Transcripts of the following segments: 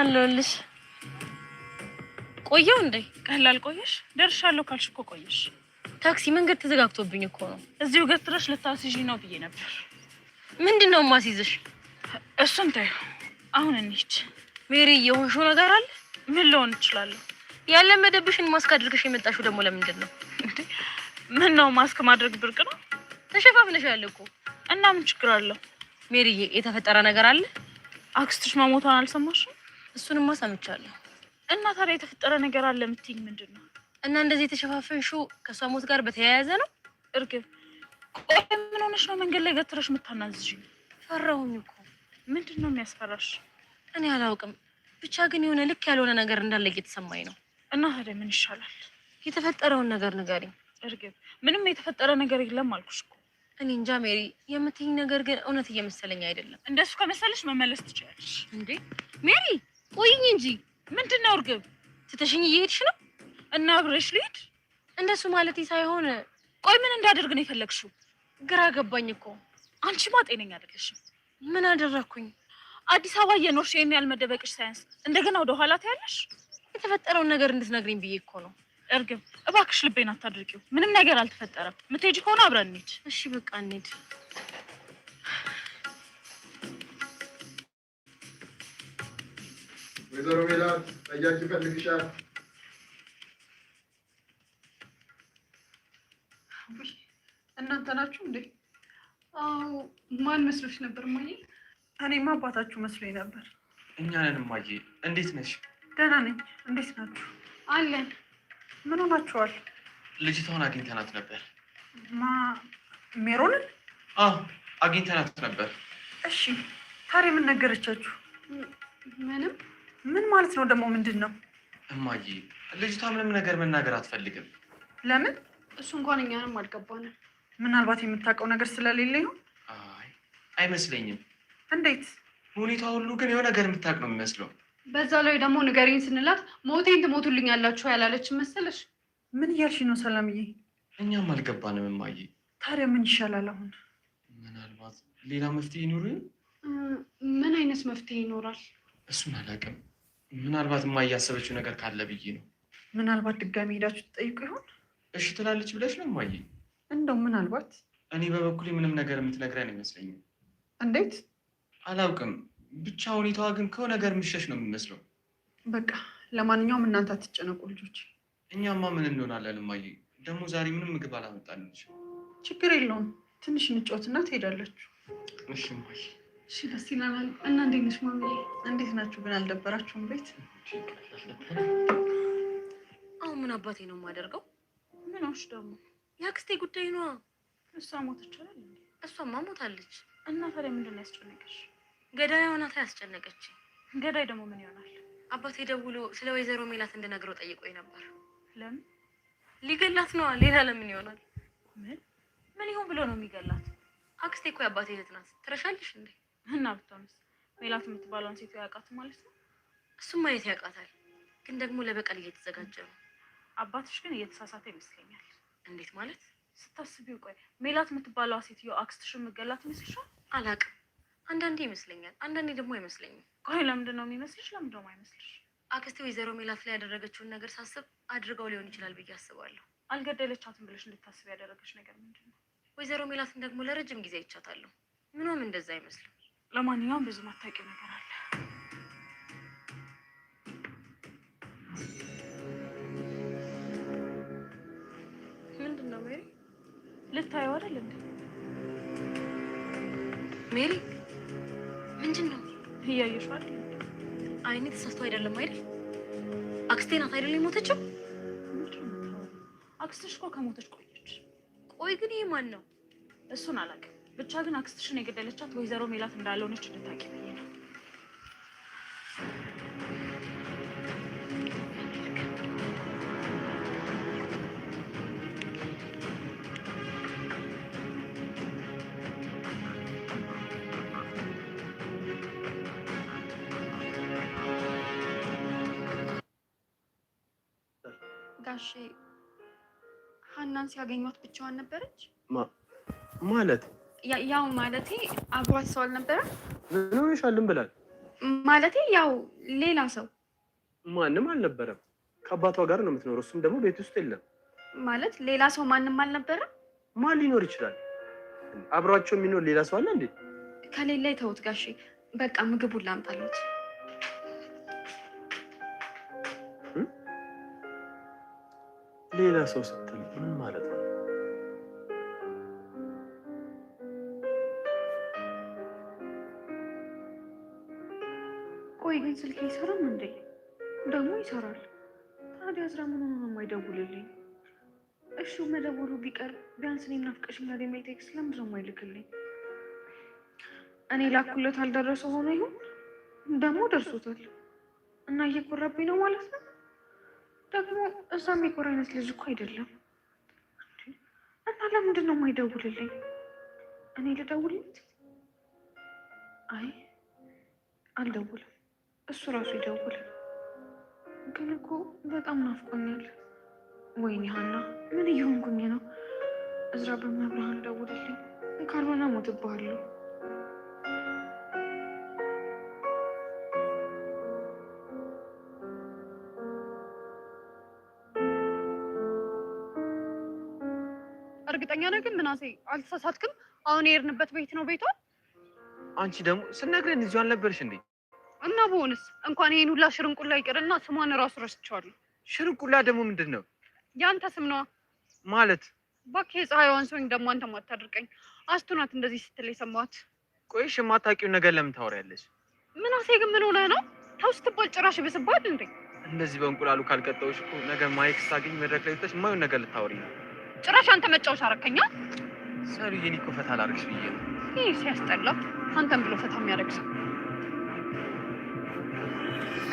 አለሁልሽ። ቆየው እንዴ? ቀላል ቆየሽ? ደርሻለሁ ካልሽ እኮ ቆየሽ። ታክሲ መንገድ ተዘጋግቶብኝ እኮ ነው። እዚሁ ገትረሽ ልታስይዥ ነው ብዬ ነበር። ምንድን ነው ማስይዝሽ? እሱን ታይሁ። አሁን እንሂድ። ሜሪ፣ የሆንሽው ነገር አለ። ምን ልሆን እችላለሁ? ያለመደብሽን ማስክ አድርገሽ የመጣሽው ደግሞ ለምንድን ነው? ምን ነው ማስክ ማድረግ ብርቅ ነው? ተሸፋፍነሽ ያለ እኮ እና ምን ችግር አለው? ሜሪዬ፣ የተፈጠረ ነገር አለ። አክስትሽ መሞቷን አልሰማሽም? እሱንማ ሰምቻለሁ። እና ታዲያ የተፈጠረ ነገር አለ የምትይኝ ምንድን ነው? እና እንደዚህ የተሸፋፈንሽው ከእሷ ሞት ጋር በተያያዘ ነው? እርግብ ቆይ ምን ሆነሽ ነው መንገድ ላይ ገትረሽ የምታናዝዥኝ? ፈራሁኝ እኮ። ምንድን ነው የሚያስፈራሽ? እኔ አላውቅም፣ ብቻ ግን የሆነ ልክ ያልሆነ ነገር እንዳለ እየተሰማኝ ነው። እና ታዲያ ምን ይሻላል? የተፈጠረውን ነገር ንገሪኝ እርግብ። ምንም የተፈጠረ ነገር የለም አልኩሽ እኮ። እኔ እንጃ ሜሪ፣ የምትይኝ ነገር ግን እውነት እየመሰለኝ አይደለም። እንደሱ ከመሰለሽ መመለስ ትችላለሽ። እንዴ ሜሪ ቆይኝ እንጂ ምንድን ነው እርግብ፣ ትተሽኝ እየሄድሽ ነው? እና አብረሽ ልሂድ? እንደሱ ማለት ሳይሆን ቆይ ምን እንዳደርግ ነው የፈለግሽው? ግራ ገባኝ እኮ አንቺማ ጤነኛ አይደለሽም። ምን አደረግኩኝ? አዲስ አበባ እየኖርሽ ያል መደበቅሽ ሳያንስ እንደገና ወደ ኋላ ታያለሽ። የተፈጠረውን ነገር እንድትነግሪኝ ብዬ እኮ ነው። እርግብ እባክሽ ልቤን አታድርቂው። ምንም ነገር አልተፈጠረም። ምትሄጂ ከሆነ አብረን እንሂድ። እሺ በቃ እንሂድ። ወይዘሮ ሜላት ጠያቂ ይፈልግሻል። እናንተ ናችሁ እንዴ? አዎ። ማን መስሎች ነበር እማዬ? እኔማ አባታችሁ መስሎኝ ነበር። እኛ ነን እማዬ። እንዴት ነሽ? ደህና ነኝ። እንዴት ናችሁ? አለን። ምን ሆናችኋል? ልጅቷን አግኝተናት ነበር። ማ ሜሮንን? አዎ አግኝተናት ነበር። እሺ። ታዲያ ምን ነገረቻችሁ? ምንም ምን ማለት ነው ደግሞ? ምንድን ነው እማዬ? ልጅቷ ምንም ነገር መናገር አትፈልግም። ለምን? እሱ እንኳን እኛንም አልገባንም። ምናልባት የምታውቀው ነገር ስለሌለ ነው። አይ አይመስለኝም። እንዴት? ሁኔታ ሁሉ ግን የሆነ ነገር የምታውቅ ነው የሚመስለው። በዛ ላይ ደግሞ ንገሪኝ ስንላት ሞቴን ትሞቱልኝ ያላችሁ ያላለች መሰለሽ። ምን እያልሽ ነው ሰላምዬ? እኛም አልገባንም እማዬ። ታዲያ ምን ይሻላል አሁን? ምናልባት ሌላ መፍትሄ ይኖር። ምን አይነት መፍትሄ ይኖራል? እሱን አላውቅም። ምናልባት የማያሰበችው ነገር ካለ ብዬ ነው። ምናልባት ድጋሚ ሄዳችሁ ትጠይቁ ይሆን? እሺ ትላለች ብለሽ ነው ማየ? እንደው ምናልባት እኔ በበኩሌ ምንም ነገር የምትነግረን አይመስለኝም። እንዴት አላውቅም፣ ብቻ ሁኔታዋ ግን ከሆነ ነገር ምሸሽ ነው የሚመስለው። በቃ ለማንኛውም እናንተ አትጨነቁ ልጆች። እኛማ ምን እንሆናለን ማየ? ደግሞ ዛሬ ምንም ምግብ አላመጣለች። ችግር የለውም ትንሽ እንጫወትና ትሄዳለች። እሺ ማየ እሺ ደስ ይላል። እና እንዴት ነሽ ማሚ? እንዴት ናችሁ? ግን አልደበራችሁም? ቤት አሁን ምን አባቴ ነው የማደርገው? ምኖች ደግሞ የአክስቴ ጉዳይ ነዋ። እሷ ሞተች አይደል? እሷማ ሞታለች። እና ታዲያ ምንድን ነው ያስጨነቀሽ? ገዳይ ሆናታ ያስጨነቀች። ገዳይ ደግሞ ምን ይሆናል? አባቴ ደውሎ ስለ ወይዘሮ ሜላት እንድነግረው ጠይቆኝ ነበር። ለምን? ሊገላት ነዋ። ሌላ ለምን ይሆናል? ምን ምን ይሁን ብሎ ነው የሚገላት? አክስቴ እኮ የአባቴ እህት ናት። ትረሻለሽ እንዴ? እና ብታምስ ሜላት የምትባለውን ሴት ያውቃት ማለት ነው። እሱም ማየት ያውቃታል፣ ግን ደግሞ ለበቀል እየተዘጋጀ ነው። አባትሽ ግን እየተሳሳተ ይመስለኛል። እንዴት ማለት ስታስቢው? ቆይ ሜላት የምትባለዋ ሴትዮ አክስትሽ የምገላት ይመስልሻል? አላውቅም። አንዳንዴ ይመስለኛል፣ አንዳንዴ ደግሞ አይመስለኝም። ቆይ ለምንድን ነው የሚመስልሽ? ለምንድን ነው አይመስልሽ? አክስቴ ወይዘሮ ሜላት ላይ ያደረገችውን ነገር ሳስብ አድርገው ሊሆን ይችላል ብዬ አስባለሁ። አልገደለቻትም ብለሽ እንድታስብ ያደረገች ነገር ምንድን ነው? ወይዘሮ ሜላትን ደግሞ ለረጅም ጊዜ አይቻታለሁ። ምንም እንደዛ አይመስልም። ለማንኛውም ብዙ ማታውቂው ነገር አለ። ምንድን ነው ሜሪ? ልታየው አይደል እንዴ? ሜሪ ምንድን ነው አይኔ ተሳስቶ አይደለም አይደል? አክስቴ ናት አይደል የሞተችው? አክስትሽ እኮ ከሞተች ቆየች። ቆይ ግን ይህ ማን ነው? እሱን አላውቅም ብቻ ግን አክስትሽን የገደለቻት ወይዘሮ ሜላት እንዳለሆነች እንድታቂ ነው። ጋሼ ሀናን ሲያገኟት ብቻዋን ነበረች ማለት ያው ማለቴ አብሯት ሰው አልነበረም። ምን ሆነሻልም ብላል ማለቴ ያው ሌላ ሰው ማንም አልነበረም። ከአባቷ ጋር ነው የምትኖረው። እሱም ደግሞ ቤት ውስጥ የለም። ማለት ሌላ ሰው ማንም አልነበረም። ማን ሊኖር ይችላል? አብሯቸው የሚኖር ሌላ ሰው አለ እንዴ? ከሌላ የተውት ጋሽ፣ በቃ ምግቡን ላምጣለት። ሌላ ሰው ስትል ምን ማለት ግን ስልክ አይሰራም እንዴ? ደግሞ ይሰራል። ታዲያ ስራ ምን ሆኖ ነው የማይደውልልኝ? እሺ መደወሉ ቢቀር ቢያንስ እኔ ናፍቀሽኛል የሚል ቴክስት ለምንድን ነው የማይልክልኝ? እኔ ላኩለት አልደረሰ ሆኖ ይሁን ደግሞ ደርሶታል እና እየኮራብኝ ነው ማለት ነው። ደግሞ እዛ የሚኮራ አይነት ልጅ እኮ አይደለም። እና ለምንድን ነው የማይደውልልኝ? እኔ ልደውልለት? አይ አልደውልም። እሱ ራሱ ይደውል። ግን እኮ በጣም ናፍቆኛል። ወይኔ ሀና፣ ምን እየሆንኩኝ ነው? እዝራ በመብርሃን ደውልልኝ፣ ካልሆነ ሞትብሃለሁ። እርግጠኛ ነህ ግን ምናሴ አልተሳሳትክም? አሁን የሄድንበት ቤት ነው ቤቷ። አንቺ ደግሞ ስነግረን እዚሁ አልነበርሽ እንዴ? እና በሆንስ እንኳን ይሄን ሁላ ሽርንቁላ ይቅርና ስሟን እራሱ ረስቼዋለሁ። ሽርንቁላ ደግሞ ምንድን ነው? የአንተ ስም ነዋ። ማለት እባክህ የፀሐይ ዋንሶኝ ደግሞ አንተ ማታደርቀኝ። አስቱናት እንደዚህ ስትል የሰማሁት። ቆይሽ የማታውቂው ነገር ለምን ታወሪያለሽ? ምናሴ ግን ምን ሆነህ ነው? ተው ስትባል ጭራሽ ብስባል እንዴ! እንደዚህ በእንቁላሉ ካልቀጠውሽ እኮ ነገ ማይክ ሳገኝ መድረክ ላይ ወጥተሽ የማይሆን ነገር ልታወሪ ነው። ጭራሽ አንተ መጫወቻ አረከኛ። ሰሩ የኔ እኮ ፈታ ላደርግሽ ብዬ ነው። ይህ ሲያስጠላ አንተን ብሎ ፈታ የሚያደርግ ሰው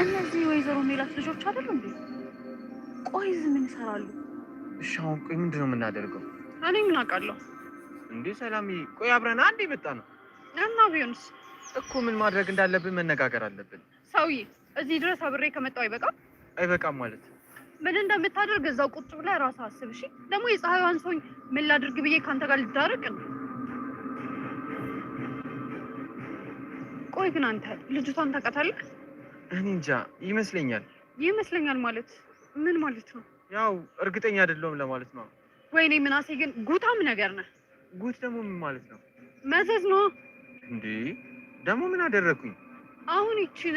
እነዚህ ወይዘሮ ሜላት ልጆች አይደሉ እንዴ? ቆይ እዚህ ምን ይሰራሉ? እሺ አሁን ቆይ ምንድን ነው የምናደርገው? እኔ ምን አውቃለሁ እንዴ? ሰላም ቆይ አብረን አንድ የመጣ ነው እና ቢሆንስ እኮ ምን ማድረግ እንዳለብን መነጋገር አለብን። ሰውዬ እዚህ ድረስ አብሬ ከመጣው አይበቃም? አይበቃም ማለት ምን እንደምታደርግ እዛው ቁጭ ብለህ ራስህ አስብ። እሺ ደግሞ የፀሐይዋን ሰውኝ ምን ላድርግ ብዬ ከአንተ ጋር ልዳረቅ ነው። ቆይ ግን አንተ ልጅቷን ታውቃታለህ? እኔ እንጃ ይመስለኛል። ይመስለኛል ማለት ምን ማለት ነው? ያው እርግጠኛ አይደለሁም ለማለት ነው። ወይኔ ምናሴ ግን ጉታም ነገር ነህ። ጉት ደግሞ ምን ማለት ነው? መዘዝ ነው እንዴ? ደግሞ ምን አደረግኩኝ? አሁን ይችን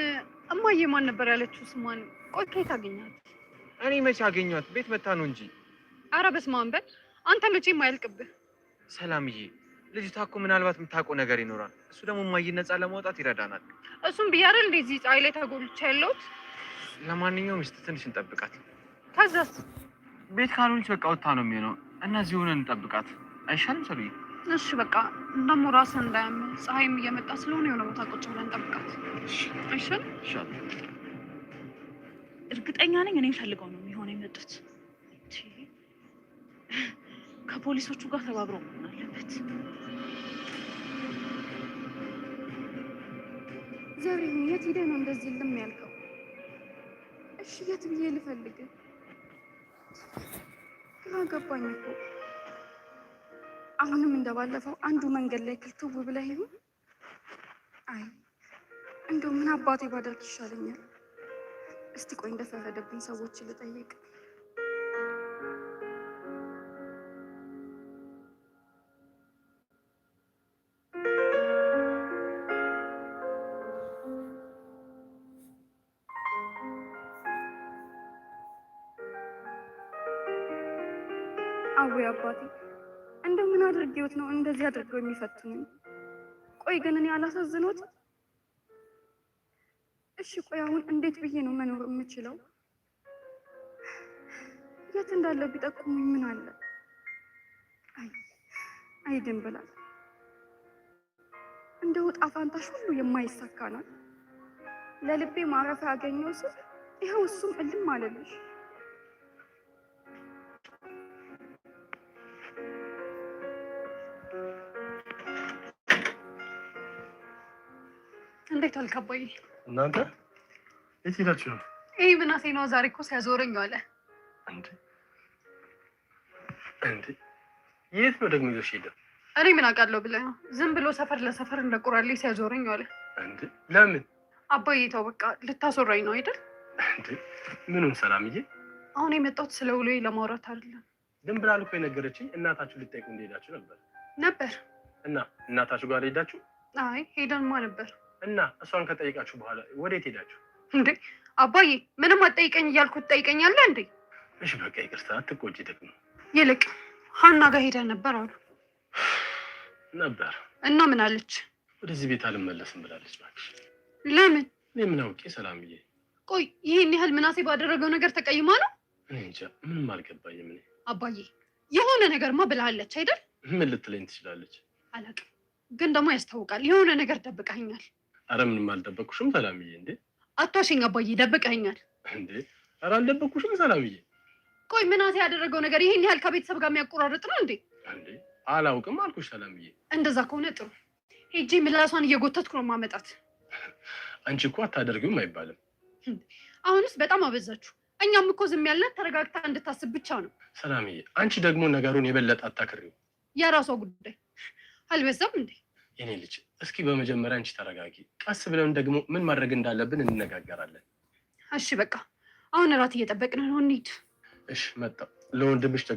እማዬ ማን ነበር ያለችው? ስሟን ቆይ ከየት አገኘሃት? እኔ መቼ አገኘኋት? ቤት መታ ነው እንጂ። አረ በስመ አብ በል አንተ መቼም አያልቅብህ። ሰላምዬ ልጅቷ እኮ ምናልባት የምታውቀው ነገር ይኖራል። እሱ ደግሞ እማዬን ነፃ ለማውጣት ይረዳናል። እሱም ብዬሽ እንደዚህ ፀሐይ ላይ ተጎልቼ ያለሁት። ለማንኛውም እስኪ ትንሽ እንጠብቃት። ከዛስ ቤት ካልሆነች በቃ ወታ ነው የሚሆነው። እነዚህ ሆነን እንጠብቃት አይሻልም? ሰሉ እሺ በቃ እንደሞ ራስ እንዳያምን ፀሐይም እየመጣ ስለሆነ የሆነ ቦታ ቁጭ ብለን እንጠብቃት አይሻልም? እርግጠኛ ነኝ እኔ ፈልገው ነው የሚሆነው የመጡት ከፖሊሶቹ ጋር ተባብሮ መሆን አለበት። ዘሪሁን የት ሄደ ነው እንደዚህ ልም ያልከው? እሺ የት ብዬ ልፈልግ? ግራ ገባኝ እኮ። አሁንም እንደባለፈው አንዱ መንገድ ላይ ክልትው ብለህ ይሁን። አይ እንደው ምን አባቴ ባደርግ ይሻለኛል። እስቲ ቆይ እንደፈረደብኝ ሰዎች ልጠይቅ። አዊ አባቴ እንደምን አድርጌዎት ነው እንደዚህ አድርገው የሚፈትኑኝ? ቆይ ግን እኔ አላሳዝኖት? እሺ ቆይ አሁን እንዴት ብዬ ነው መኖር የምችለው? የት እንዳለው ቢጠቁሙኝ ምን አለ? አይ አይ ድንብላል እንደው ዕጣ ሁሉ የማይሳካ ነው። ለልቤ ማረፊያ ያገኘው ስል ይኸው እሱም እልም አለልሽ። እንዴት አልከባይ እናንተ የት ሄዳችሁ ነው? ይሄ ምናሴ ነው። ዛሬ እኮ ሲያዞረኝ ዋለ። እንዴ እንዴ የት ነው ደግሞ ይዞሽ ሄደ? እኔ ምን አውቃለሁ ብለህ ነው? ዝም ብሎ ሰፈር ለሰፈር እንደቁራሌ ሲያዞረኝ ዋለ። እንዴ ለምን አባዬ? ተው በቃ ልታስወራኝ ነው አይደል? እንዴ ምኑን ሰላምዬ? አሁን የመጣሁት ስለ ውሎዬ ለማውራት አይደለም። ዝም ብላ እኮ የነገረችኝ እናታችሁ ልጠይቁ እንደሄዳችሁ ነበር ነበር እና እናታችሁ ጋር ሄዳችሁ? አይ ሄደንማ ነበር እና እሷን ከጠይቃችሁ በኋላ ወዴት ሄዳችሁ እንዴ? አባዬ ምንም አጠይቀኝ እያልኩት ትጠይቀኛለ እንዴ? እሺ በቃ ይቅርታ፣ አትቆጭ። ደግሞ ይልቅ ሀና ጋር ሄደ ነበር አሉ ነበር እና ምን አለች? ወደዚህ ቤት አልመለስም ብላለች። እባክሽ ለምን? እኔ ምን አውቄ ሰላምዬ። ቆይ ይህን ያህል ምናሴ ባደረገው ነገር ተቀይማ ነው? እኔ እንጃ፣ ምንም አልገባኝም። እኔ አባዬ የሆነ ነገርማ ብላለች አይደል? ምን ልትለኝ ትችላለች? አላቅም ግን ደግሞ ያስታውቃል የሆነ ነገር ደብቃኛል። አረ ምንም አልደበቅኩሽም ሰላምዬ። እንዴ አታሸኝ አባዬ፣ ደብቀኸኛል። እንዴ አረ አልደበቅኩሽም ሰላምዬ። ቆይ ምናሴ ያደረገው ነገር ይሄን ያህል ከቤተሰብ ጋር የሚያቆራርጥ ነው እንዴ? እንዴ አላውቅም አልኩሽ ሰላምዬ። እንደዛ ከሆነ ጥሩ፣ ሄጄ ምላሷን እየጎተትኩ ነው ማመጣት። አንቺ እኮ አታደርግም አይባልም። አሁንስ በጣም አበዛችሁ። እኛም እኮ ዝም ያልናት ተረጋግታ እንድታስብ ብቻ ነው። ሰላምዬ፣ አንቺ ደግሞ ነገሩን የበለጠ አታክሪው። የራሷ ጉዳይ አልበዛም እንዴ? የኔ ልጅ እስኪ በመጀመሪያ አንቺ ተረጋጊ። ቀስ ብለን ደግሞ ምን ማድረግ እንዳለብን እንነጋገራለን። እሺ በቃ አሁን እራት እየጠበቅን ነው። እንሂድ። እሺ መጣ ለወንድምሽ ደግሞ